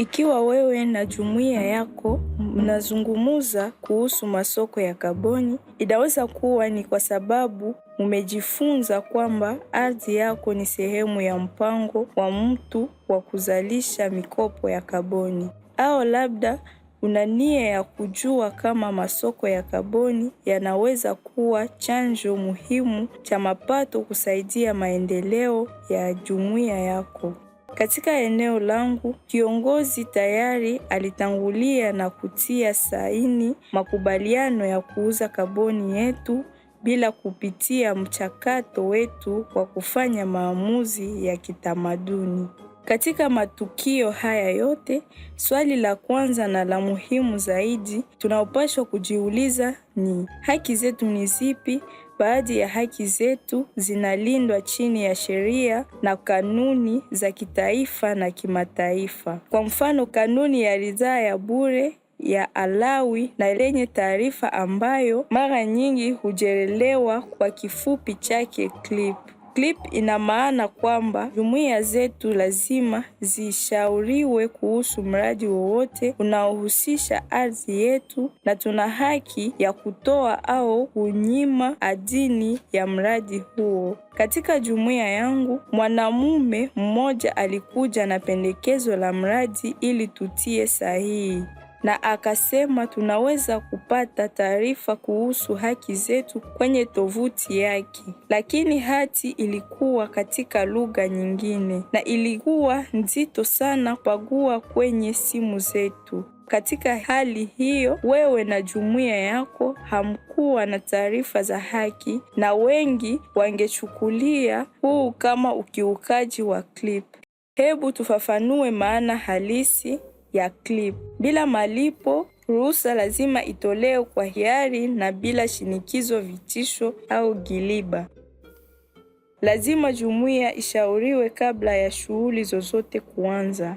Ikiwa wewe na jumuiya yako mnazungumza kuhusu masoko ya kaboni, inaweza kuwa ni kwa sababu umejifunza kwamba ardhi yako ni sehemu ya mpango wa mtu wa kuzalisha mikopo ya kaboni, au labda una nia ya kujua kama masoko ya kaboni yanaweza kuwa chanzo muhimu cha mapato kusaidia maendeleo ya jumuiya yako. Katika eneo langu kiongozi tayari alitangulia na kutia saini makubaliano ya kuuza kaboni yetu bila kupitia mchakato wetu wa kufanya maamuzi ya kitamaduni. Katika matukio haya yote, swali la kwanza na la muhimu zaidi tunaopaswa kujiuliza ni haki zetu ni zipi? Baadhi ya haki zetu zinalindwa chini ya sheria na kanuni za kitaifa na kimataifa. Kwa mfano, kanuni ya ridhaa ya bure ya alawi na lenye taarifa ambayo mara nyingi hujerelewa kwa kifupi chake CLIP. CLIP ina maana kwamba jumuiya zetu lazima zishauriwe kuhusu mradi wowote unaohusisha ardhi yetu na tuna haki ya kutoa au kunyima idhini ya mradi huo. Katika jumuiya yangu mwanamume mmoja alikuja na pendekezo la mradi ili tutie sahihi na akasema tunaweza kupata taarifa kuhusu haki zetu kwenye tovuti yake, lakini hati ilikuwa katika lugha nyingine na ilikuwa nzito sana pagua kwenye simu zetu. Katika hali hiyo, wewe na jumuiya yako hamkuwa na taarifa za haki, na wengi wangechukulia huu kama ukiukaji wa CLIP. Hebu tufafanue maana halisi ya clip bila malipo. Ruhusa lazima itolewe kwa hiari na bila shinikizo, vitisho au giliba. Lazima jumuiya ishauriwe kabla ya shughuli zozote kuanza.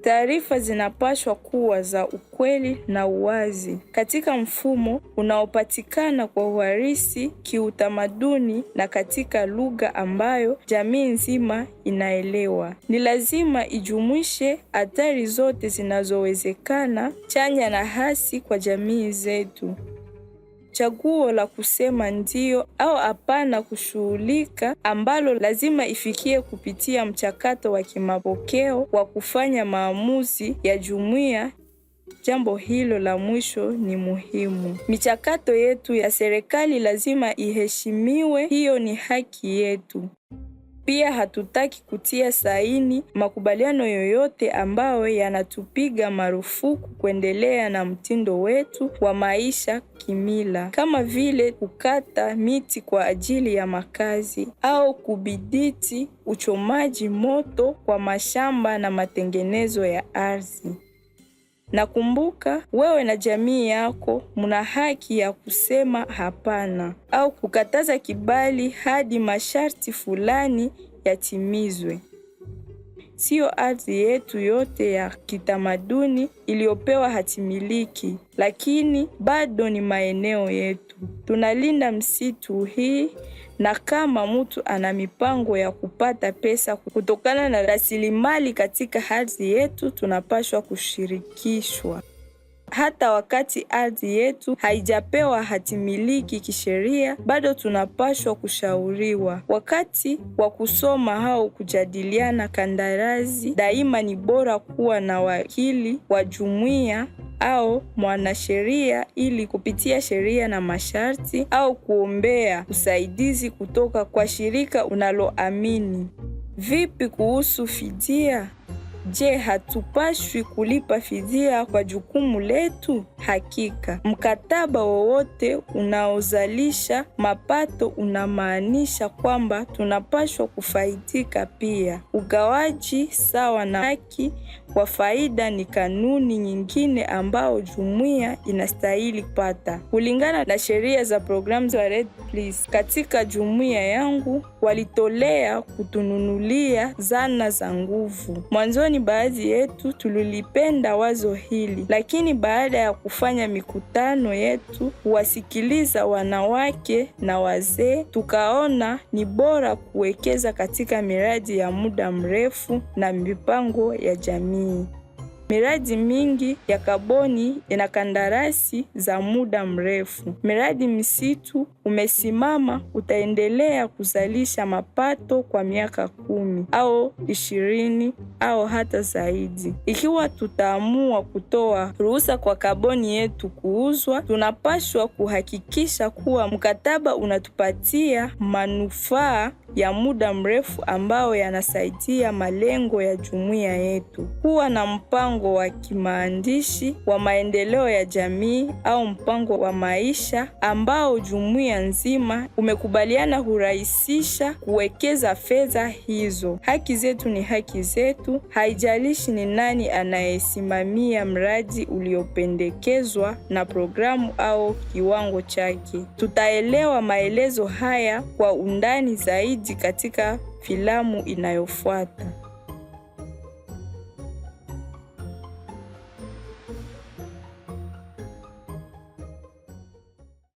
Taarifa zinapaswa kuwa za ukweli na uwazi katika mfumo unaopatikana kwa uhalisi kiutamaduni na katika lugha ambayo jamii nzima inaelewa. Ni lazima ijumuishe athari zote zinazowezekana, chanya na hasi kwa jamii zetu chaguo la kusema ndio au hapana kushughulika, ambalo lazima ifikie kupitia mchakato wa kimapokeo wa kufanya maamuzi ya jumuiya. Jambo hilo la mwisho ni muhimu. Michakato yetu ya serikali lazima iheshimiwe, hiyo ni haki yetu. Pia hatutaki kutia saini makubaliano yoyote ambayo yanatupiga marufuku kuendelea na mtindo wetu wa maisha kimila, kama vile kukata miti kwa ajili ya makazi au kubiditi uchomaji moto kwa mashamba na matengenezo ya ardhi na kumbuka, wewe na jamii yako mna haki ya kusema hapana au kukataza kibali hadi masharti fulani yatimizwe siyo ardhi yetu yote ya kitamaduni iliyopewa hatimiliki, lakini bado ni maeneo yetu. Tunalinda msitu hii, na kama mtu ana mipango ya kupata pesa kutokana na rasilimali katika ardhi yetu, tunapaswa kushirikishwa hata wakati ardhi yetu haijapewa hatimiliki kisheria, bado tunapashwa kushauriwa. Wakati wa kusoma au kujadiliana kandarasi, daima ni bora kuwa na wakili wa jumuiya au mwanasheria ili kupitia sheria na masharti au kuombea usaidizi kutoka kwa shirika unaloamini. Vipi kuhusu fidia? Je, hatupashwi kulipa fidia kwa jukumu letu? Hakika mkataba wowote unaozalisha mapato unamaanisha kwamba tunapashwa kufaidika pia. Ugawaji sawa na haki kwa faida ni kanuni nyingine ambao jumuiya inastahili pata kulingana na sheria za programu za Red Plus katika jumuiya yangu walitolea kutununulia zana za nguvu. Mwanzoni baadhi yetu tulilipenda wazo hili, lakini baada ya kufanya mikutano yetu, kuwasikiliza wanawake na wazee, tukaona ni bora kuwekeza katika miradi ya muda mrefu na mipango ya jamii. Miradi mingi ya kaboni ina kandarasi za muda mrefu. Miradi misitu umesimama utaendelea kuzalisha mapato kwa miaka kumi au ishirini au hata zaidi. Ikiwa tutaamua kutoa ruhusa kwa kaboni yetu kuuzwa, tunapashwa kuhakikisha kuwa mkataba unatupatia manufaa ya muda mrefu ambayo yanasaidia malengo ya jumuiya yetu. Kuwa na mpango wa kimaandishi wa maendeleo ya jamii au mpango wa maisha ambao jumuiya nzima umekubaliana hurahisisha kuwekeza fedha hizo. Haki zetu ni haki zetu, haijalishi ni nani anayesimamia mradi uliopendekezwa na programu au kiwango chake. Tutaelewa maelezo haya kwa undani zaidi katika filamu inayofuata.